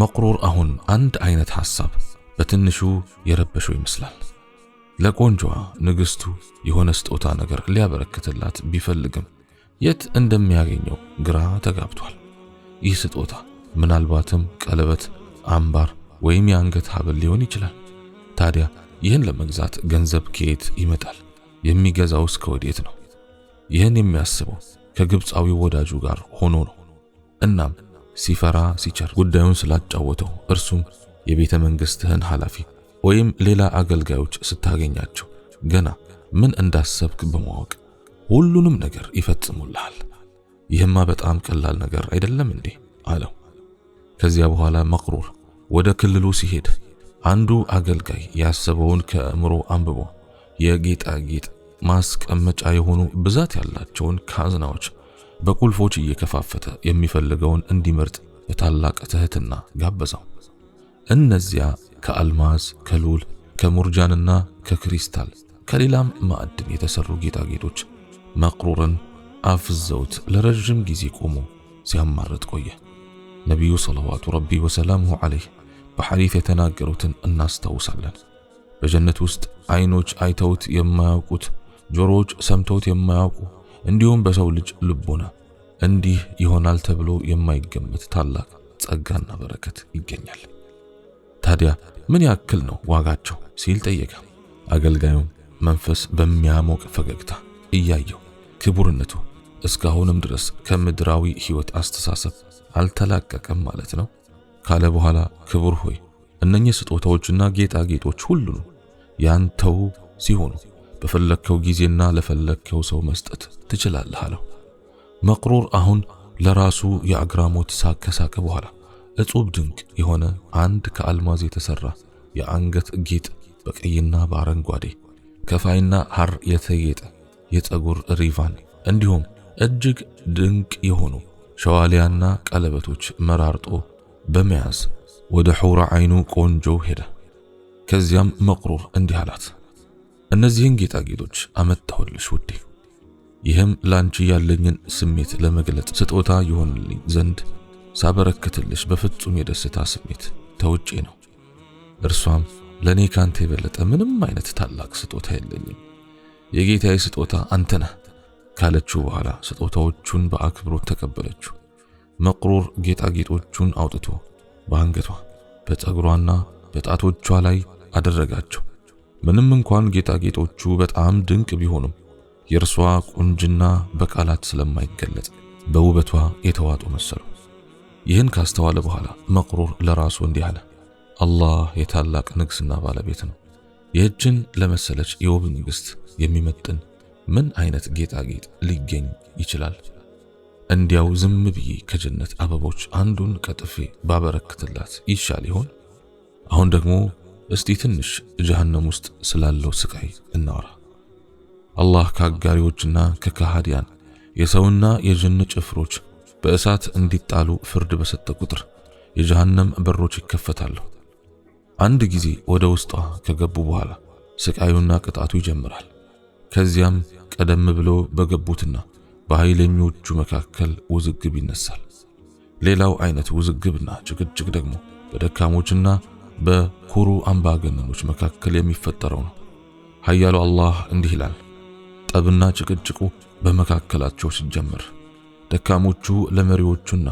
መቅሩር አሁን አንድ አይነት ሐሳብ በትንሹ የረበሸው ይመስላል። ለቆንጆዋ ንግሥቱ የሆነ ስጦታ ነገር ሊያበረክትላት ቢፈልግም የት እንደሚያገኘው ግራ ተጋብቷል። ይህ ስጦታ ምናልባትም ቀለበት፣ አምባር ወይም የአንገት ሀብል ሊሆን ይችላል። ታዲያ ይህን ለመግዛት ገንዘብ ከየት ይመጣል? የሚገዛውስ ከወዴት ነው? ይህን የሚያስበው ከግብፃዊ ወዳጁ ጋር ሆኖ ነው። እናም ሲፈራ ሲቸር ጉዳዩን ስላጫወተው እርሱም የቤተ መንግሥትህን ኃላፊ ወይም ሌላ አገልጋዮች ስታገኛቸው ገና ምን እንዳሰብክ በማወቅ ሁሉንም ነገር ይፈጽሙልሃል። ይህማ በጣም ቀላል ነገር አይደለም እንዴ አለው። ከዚያ በኋላ መቅሩር ወደ ክልሉ ሲሄድ አንዱ አገልጋይ ያሰበውን ከእምሮ አንብቦ የጌጣጌጥ ማስቀመጫ የሆኑ ብዛት ያላቸውን ካዝናዎች በቁልፎች እየከፋፈተ የሚፈልገውን እንዲመርጥ በታላቅ ትህትና ጋበዘው። እነዚያ ከአልማዝ ከሉል ከሙርጃንና ከክሪስታል ከሌላም ማዕድን የተሰሩ ጌጣጌጦች መቅሩርን አፍዘውት ለረዥም ጊዜ ቆሞ ሲያማርጥ ቆየ። ነቢዩ ሰለዋቱ ረቢ ወሰላሙሁ ዓለይህ በሐዲት የተናገሩትን እናስታውሳለን። በጀነት ውስጥ አይኖች አይተውት የማያውቁት ጆሮዎች ሰምተውት የማያውቁ እንዲሁም በሰው ልጅ ልቦና እንዲህ ይሆናል ተብሎ የማይገመት ታላቅ ጸጋና በረከት ይገኛል። ታዲያ ምን ያክል ነው ዋጋቸው ሲል ጠየቀ። አገልጋዩም መንፈስ በሚያሞቅ ፈገግታ እያየው ክቡርነቱ እስካሁንም ድረስ ከምድራዊ ሕይወት አስተሳሰብ አልተላቀቀም ማለት ነው ካለ በኋላ ክቡር ሆይ እነኚህ ስጦታዎችና ጌጣጌጦች ሁሉ ያንተው ሲሆኑ በፈለግከው ጊዜና ለፈለግከው ሰው መስጠት ትችላለህ አለው። መቅሩር አሁን ለራሱ የአግራሞት ሳቅ ከሳቀ በኋላ እጹብ ድንቅ የሆነ አንድ ከአልማዝ የተሰራ የአንገት ጌጥ በቀይና በአረንጓዴ ከፋይና ሐር የተጌጠ የፀጉር ሪቫን እንዲሁም እጅግ ድንቅ የሆኑ ሸዋሊያና ቀለበቶች መራርጦ በመያዝ ወደ ሑራ ዐይኑ ቆንጆ ሄደ። ከዚያም መቅሩር እንዲህ አላት። እነዚህን ጌጣጌጦች አመጣሁልሽ ውዴ። ይህም ላንቺ ያለኝን ስሜት ለመግለጽ ስጦታ ይሆንልኝ ዘንድ ሳበረክትልሽ በፍጹም የደስታ ስሜት ተውጬ ነው። እርሷም ለኔ ካንተ የበለጠ ምንም አይነት ታላቅ ስጦታ የለኝም፣ የጌታዬ ስጦታ አንተ ነህ ካለችው በኋላ ስጦታዎቹን በአክብሮት ተቀበለችው። መቅሩር ጌጣጌጦቹን አውጥቶ በአንገቷ በፀጉሯና በጣቶቿ ላይ አደረጋቸው። ምንም እንኳን ጌጣጌጦቹ በጣም ድንቅ ቢሆኑም የእርሷ ቁንጅና በቃላት ስለማይገለጽ በውበቷ የተዋጡ መሰሉ። ይህን ካስተዋለ በኋላ መቅሩር ለራሱ እንዲህ አለ፣ አላህ የታላቅ ንግስና ባለቤት ነው። ይህችን ለመሰለች የውብ ንግስት የሚመጥን ምን አይነት ጌጣጌጥ ሊገኝ ይችላል? እንዲያው ዝም ብዬ ከጀነት አበቦች አንዱን ቀጥፌ ባበረክትላት ይሻል ይሆን? አሁን ደግሞ እስቲ ትንሽ ጀሃነም ውስጥ ስላለው ስቃይ እናውራ። አላህ ከአጋሪዎችና ከካሃዲያን የሰውና የጅን ጭፍሮች በእሳት እንዲጣሉ ፍርድ በሰጠ ቁጥር የጀሃነም በሮች ይከፈታሉ። አንድ ጊዜ ወደ ውስጧ ከገቡ በኋላ ስቃዩና ቅጣቱ ይጀምራል። ከዚያም ቀደም ብሎ በገቡትና በኃይለኞቹ መካከል ውዝግብ ይነሳል። ሌላው አይነት ውዝግብና ጭቅጭቅ ደግሞ በደካሞችና በኩሩ አምባገነኖች መካከል የሚፈጠረው ነው። ኃያሉ አላህ እንዲህ ይላል፣ ጠብና ጭቅጭቁ በመካከላቸው ሲጀመር ደካሞቹ ለመሪዎቹና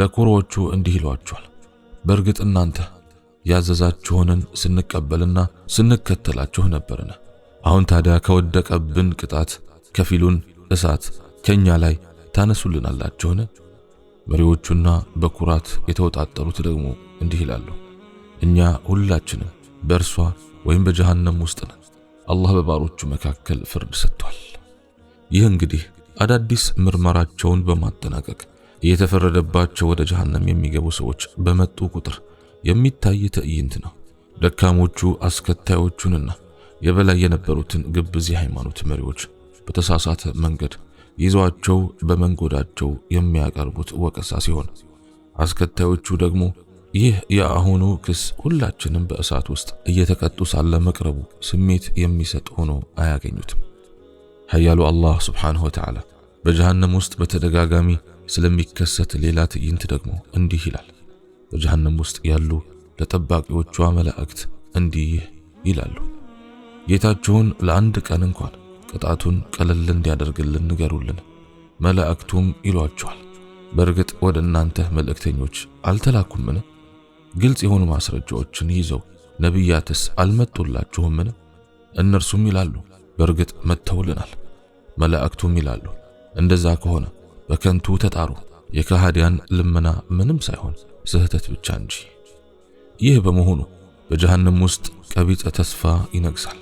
ለኩሮዎቹ እንዲህ ይሏቸዋል፣ በእርግጥ እናንተ ያዘዛችሁንን ስንቀበልና ስንከተላችሁ ነበርን። አሁን ታዲያ ከወደቀብን ቅጣት ከፊሉን እሳት ከኛ ላይ ታነሱልናላችሁን? መሪዎቹና በኩራት የተወጣጠሩት ደግሞ እንዲህ ይላሉ እኛ ሁላችንም በእርሷ ወይም በጀሃነም ውስጥ ነን። አላህ በባሮቹ መካከል ፍርድ ሰጥቷል። ይህ እንግዲህ አዳዲስ ምርመራቸውን በማጠናቀቅ እየተፈረደባቸው ወደ ጀሃነም የሚገቡ ሰዎች በመጡ ቁጥር የሚታይ ትዕይንት ነው። ደካሞቹ አስከታዮቹንና የበላይ የነበሩትን ግብዝ የሃይማኖት መሪዎች በተሳሳተ መንገድ ይዟቸው በመንጎዳቸው የሚያቀርቡት ወቀሳ ሲሆን አስከታዮቹ ደግሞ ይህ የአሁኑ ክስ ሁላችንም በእሳት ውስጥ እየተቀጡ ሳለ መቅረቡ ስሜት የሚሰጥ ሆኖ አያገኙትም። ኃያሉ አላህ ስብሓንሁ ወተዓላ በጀሃነም ውስጥ በተደጋጋሚ ስለሚከሰት ሌላ ትዕይንት ደግሞ እንዲህ ይላል። በጀሃነም ውስጥ ያሉ ለጠባቂዎቿ መላእክት እንዲህ ይላሉ፣ ጌታችሁን ለአንድ ቀን እንኳን ቅጣቱን ቀለል እንዲያደርግልን ንገሩልን። መላእክቱም ይሏቸዋል፣ በእርግጥ ወደ እናንተ መልእክተኞች አልተላኩምን? ግልጽ የሆኑ ማስረጃዎችን ይዘው ነቢያትስ አልመጡላችሁምን? እነርሱም ይላሉ በእርግጥ መጥተውልናል። መላእክቱም ይላሉ እንደዛ ከሆነ በከንቱ ተጣሩ፣ የካሃዲያን ልመና ምንም ሳይሆን ስህተት ብቻ እንጂ። ይህ በመሆኑ በጀሃንም ውስጥ ቀቢጸ ተስፋ ይነግሳል።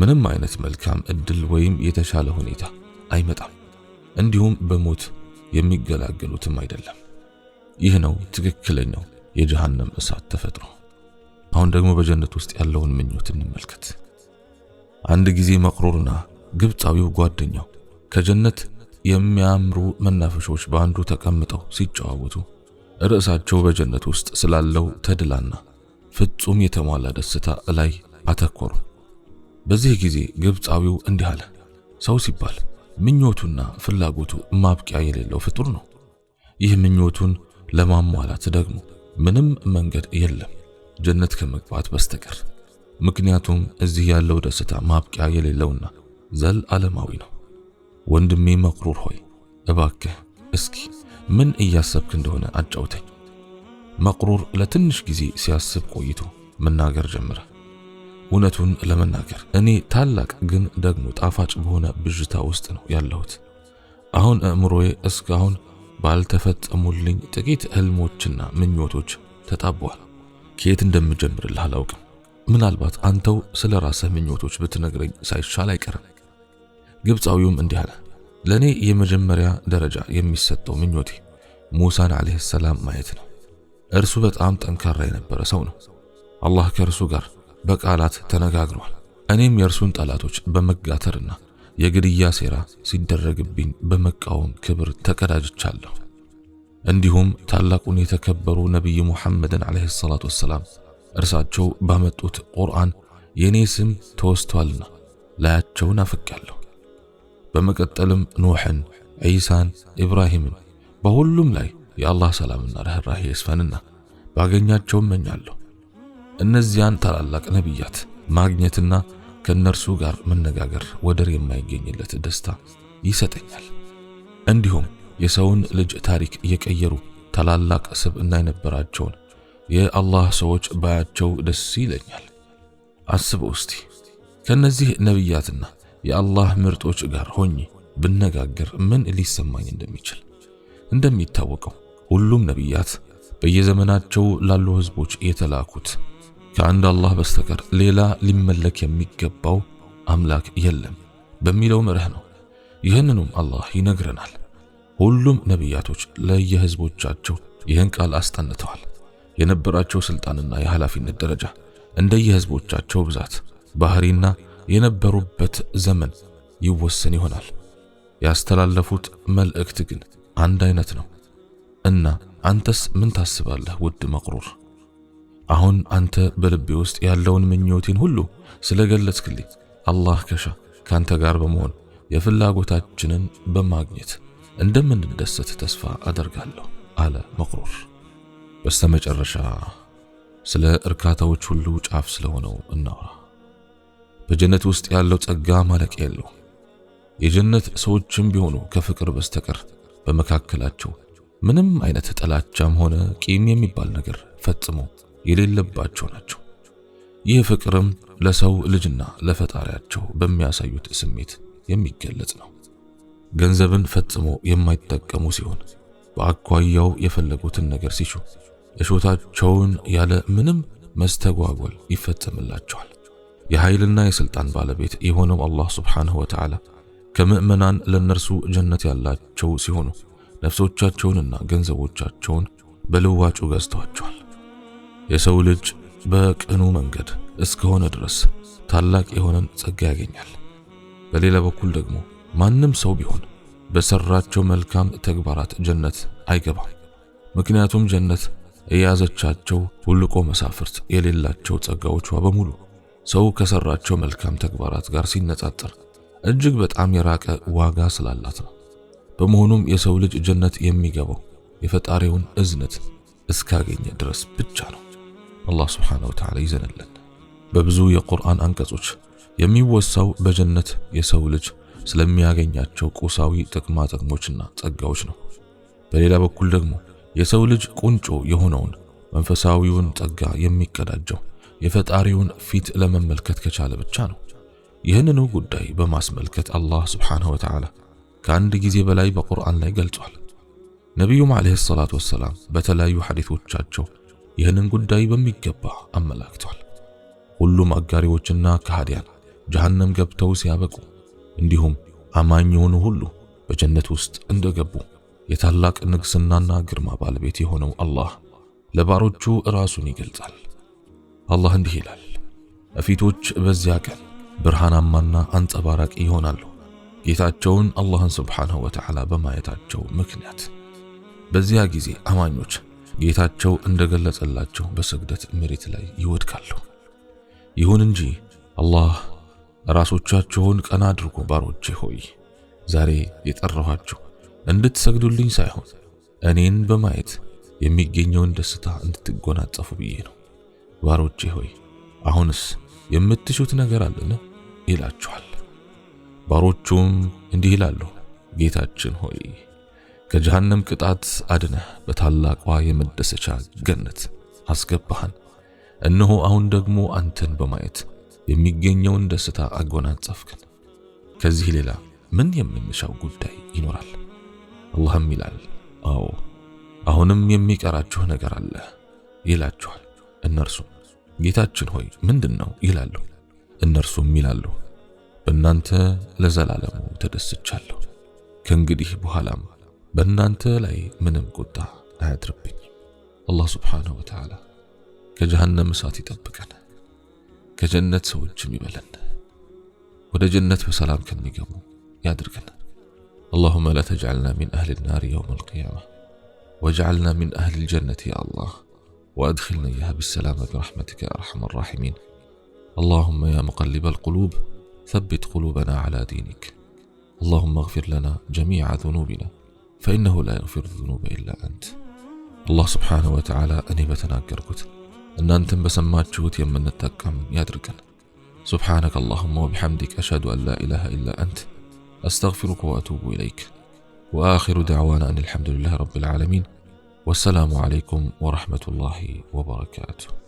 ምንም አይነት መልካም እድል ወይም የተሻለ ሁኔታ አይመጣም። እንዲሁም በሞት የሚገላገሉትም አይደለም። ይህ ነው ትክክለኛው የጀሃነም እሳት ተፈጥሮ። አሁን ደግሞ በጀነት ውስጥ ያለውን ምኞት እንመልከት። አንድ ጊዜ መቅሩርና ግብፃዊው ጓደኛው ከጀነት የሚያምሩ መናፈሾች በአንዱ ተቀምጠው ሲጨዋወቱ ርዕሳቸው በጀነት ውስጥ ስላለው ተድላና ፍጹም የተሟላ ደስታ ላይ አተኮሩ። በዚህ ጊዜ ግብፃዊው እንዲህ አለ። ሰው ሲባል ምኞቱና ፍላጎቱ ማብቂያ የሌለው ፍጡር ነው። ይህ ምኞቱን ለማሟላት ደግሞ ምንም መንገድ የለም ጀነት ከመግባት በስተቀር። ምክንያቱም እዚህ ያለው ደስታ ማብቂያ የሌለውና ዘል ዓለማዊ ነው። ወንድሜ መቅሩር ሆይ እባክህ እስኪ ምን እያሰብክ እንደሆነ አጫውተኝ። መቅሩር ለትንሽ ጊዜ ሲያስብ ቆይቶ መናገር ጀመረ። እውነቱን ለመናገር እኔ ታላቅ ግን ደግሞ ጣፋጭ በሆነ ብዥታ ውስጥ ነው ያለሁት። አሁን አእምሮዬ እስካሁን ባልተፈጸሙልኝ ጥቂት ህልሞችና ምኞቶች ተጣቧል። ከየት እንደምጀምርልህ አላውቅም። ምናልባት አንተው ስለ ራስህ ምኞቶች ብትነግረኝ ሳይሻል አይቀርም። ግብፃዊውም እንዲህ አለ፣ ለእኔ የመጀመሪያ ደረጃ የሚሰጠው ምኞቴ ሙሳን ዓለይሂ ሰላም ማየት ነው። እርሱ በጣም ጠንካራ የነበረ ሰው ነው። አላህ ከእርሱ ጋር በቃላት ተነጋግሯል። እኔም የእርሱን ጠላቶች በመጋተርና የግድያ ሴራ ሲደረግብኝ በመቃወም ክብር ተቀዳጅቻለሁ። እንዲሁም ታላቁን የተከበሩ ነቢይ ሙሐመድን ዓለይሂ ሰላቱ ወሰላም እርሳቸው ባመጡት ቁርአን የእኔ ስም ተወስቷልና ላያቸውን አፍቄያለሁ። በመቀጠልም ኑሕን፣ ዒሳን፣ ኢብራሂምን በሁሉም ላይ የአላህ ሰላምና ርኅራኄ ይስፈንና ባገኛቸው እመኛለሁ። እነዚያን ታላላቅ ነቢያት ማግኘትና ከእነርሱ ጋር መነጋገር ወደር የማይገኝለት ደስታ ይሰጠኛል። እንዲሁም የሰውን ልጅ ታሪክ የቀየሩ ታላላቅ ስብዕና የነበራቸውን የአላህ ሰዎች ባያቸው ደስ ይለኛል። አስብ እስቲ ከነዚህ ነቢያትና የአላህ ምርጦች ጋር ሆኜ ብነጋገር ምን ሊሰማኝ እንደሚችል። እንደሚታወቀው ሁሉም ነቢያት በየዘመናቸው ላሉ ህዝቦች የተላኩት ከአንድ አላህ በስተቀር ሌላ ሊመለክ የሚገባው አምላክ የለም በሚለው መርህ ነው። ይህንኑም አላህ ይነግረናል። ሁሉም ነቢያቶች ለየህዝቦቻቸው ይህን ቃል አስጠንተዋል። የነበራቸው ስልጣንና የኃላፊነት ደረጃ እንደየህዝቦቻቸው ብዛት፣ ባህሪና የነበሩበት ዘመን ይወሰን ይሆናል። ያስተላለፉት መልእክት ግን አንድ አይነት ነው እና አንተስ ምን ታስባለህ ውድ መቅሩር? አሁን አንተ በልቤ ውስጥ ያለውን ምኞቴን ሁሉ ስለገለጽክልኝ አላህ ከሻ ካንተ ጋር በመሆን የፍላጎታችንን በማግኘት እንደምንደሰት ተስፋ አደርጋለሁ አለ መቅሩር። በስተመጨረሻ ስለ እርካታዎች ሁሉ ጫፍ ስለሆነው እናውራ። በጀነት ውስጥ ያለው ጸጋ ማለቂያ የለው። የጀነት ሰዎችም ቢሆኑ ከፍቅር በስተቀር በመካከላቸው ምንም አይነት ጥላቻም ሆነ ቂም የሚባል ነገር ፈጽሞ የሌለባቸው ናቸው። ይህ ፍቅርም ለሰው ልጅና ለፈጣሪያቸው በሚያሳዩት ስሜት የሚገለጽ ነው። ገንዘብን ፈጽሞ የማይጠቀሙ ሲሆን በአኳያው የፈለጉትን ነገር ሲሹ እሾታቸውን ያለ ምንም መስተጓጎል ይፈጸምላቸዋል። የኃይልና የሥልጣን ባለቤት የሆነው አላህ ስብሓንሁ ወተዓላ ከምዕመናን ለእነርሱ ጀነት ያላቸው ሲሆኑ ነፍሶቻቸውንና ገንዘቦቻቸውን በልዋጩ ገዝተዋቸዋል። የሰው ልጅ በቅኑ መንገድ እስከሆነ ድረስ ታላቅ የሆነን ጸጋ ያገኛል። በሌላ በኩል ደግሞ ማንም ሰው ቢሆን በሰራቸው መልካም ተግባራት ጀነት አይገባም። ምክንያቱም ጀነት የያዘቻቸው ውልቆ መሳፍርት የሌላቸው ጸጋዎቿ በሙሉ ሰው ከሰራቸው መልካም ተግባራት ጋር ሲነጻጸር እጅግ በጣም የራቀ ዋጋ ስላላት ነው። በመሆኑም የሰው ልጅ ጀነት የሚገባው የፈጣሪውን እዝነት እስካገኘ ድረስ ብቻ ነው። አላህ ስብሓነ ወተዓላ ይዘንልን። በብዙ የቁርአን አንቀጾች የሚወሳው በጀነት የሰው ልጅ ስለሚያገኛቸው ቁሳዊ ጥቅማ ጥቅሞችና ጸጋዎች ነው። በሌላ በኩል ደግሞ የሰው ልጅ ቁንጮ የሆነውን መንፈሳዊውን ጸጋ የሚቀዳጀው የፈጣሪውን ፊት ለመመልከት ከቻለ ብቻ ነው። ይህንኑ ጉዳይ በማስመልከት አላህ ስብሓነሁ ወተዓላ ከአንድ ጊዜ በላይ በቁርአን ላይ ገልጿል። ነቢዩም ዓለይሂ ሰላቱ ወሰላም በተለያዩ ሐዲቶቻቸው ይህንን ጉዳይ በሚገባ አመላክቷል። ሁሉም አጋሪዎችና ከሃዲያን ጀሃነም ገብተው ሲያበቁ እንዲሁም አማኝ የሆኑ ሁሉ በጀነት ውስጥ እንደገቡ የታላቅ ንግስናና ግርማ ባለቤት የሆነው አላህ ለባሮቹ ራሱን ይገልጻል። አላህ እንዲህ ይላል፣ ፊቶች በዚያ ቀን ብርሃናማና አንጸባራቂ ይሆናሉ ጌታቸውን አላህን ስብሓንሁ ወተዓላ በማየታቸው ምክንያት። በዚያ ጊዜ አማኞች ጌታቸው እንደገለጸላቸው በስግደት መሬት ላይ ይወድቃሉ። ይሁን እንጂ አላህ ራሶቻችሁን ቀና አድርጎ ባሮቼ ሆይ ዛሬ የጠራኋችሁ እንድትሰግዱልኝ ሳይሆን እኔን በማየት የሚገኘውን ደስታ እንድትጎናጸፉ ብዬ ነው። ባሮቼ ሆይ አሁንስ የምትሹት ነገር አለን ይላችኋል። ባሮቹም እንዲህ ይላሉ፣ ጌታችን ሆይ ከጀሃነም ቅጣት አድነህ በታላቋ የመደሰቻ ገነት አስገባህን። እነሆ አሁን ደግሞ አንተን በማየት የሚገኘውን ደስታ አጎናጸፍክን። ከዚህ ሌላ ምን የምንሻው ጉዳይ ይኖራል? አላህም ይላል፣ አዎ አሁንም የሚቀራችሁ ነገር አለ ይላችኋል። እነርሱም ጌታችን ሆይ ምንድን ነው ይላሉ። እነርሱም ይላሉ፣ በእናንተ ለዘላለሙ ተደስቻለሁ፣ ከእንግዲህ በኋላም بنانت በእናንተ ላይ ምንም ቁጣ አያድርብኝ። አላህ ስብሓንሁ ወተዓላ ከጀሃነም እሳት ይጠብቀን፣ ከጀነት ሰዎችም ይበለን፣ ወደ ጀነት በሰላም ከሚገቡ ያድርገን። اللهم لا تجعلنا من أهل النار يوم القيامة واجعلنا من أهل الجنة يا الله وأدخلنا إياها بالسلامة برحمتك يا أرحم الراحمين اللهم يا مقلب القلوب ثبت قلوبنا على دينك اللهم اغفر لنا جميع ذنوبنا فإنه لا يغفر الذنوب إلا أنت الله سبحانه وتعالى أني كركت أن أنت بسمات جوت يمن التقم يدرك سبحانك اللهم وبحمدك أشهد أن لا إله إلا أنت أستغفرك وأتوب إليك وآخر دعوانا أن الحمد لله رب العالمين والسلام عليكم ورحمة الله وبركاته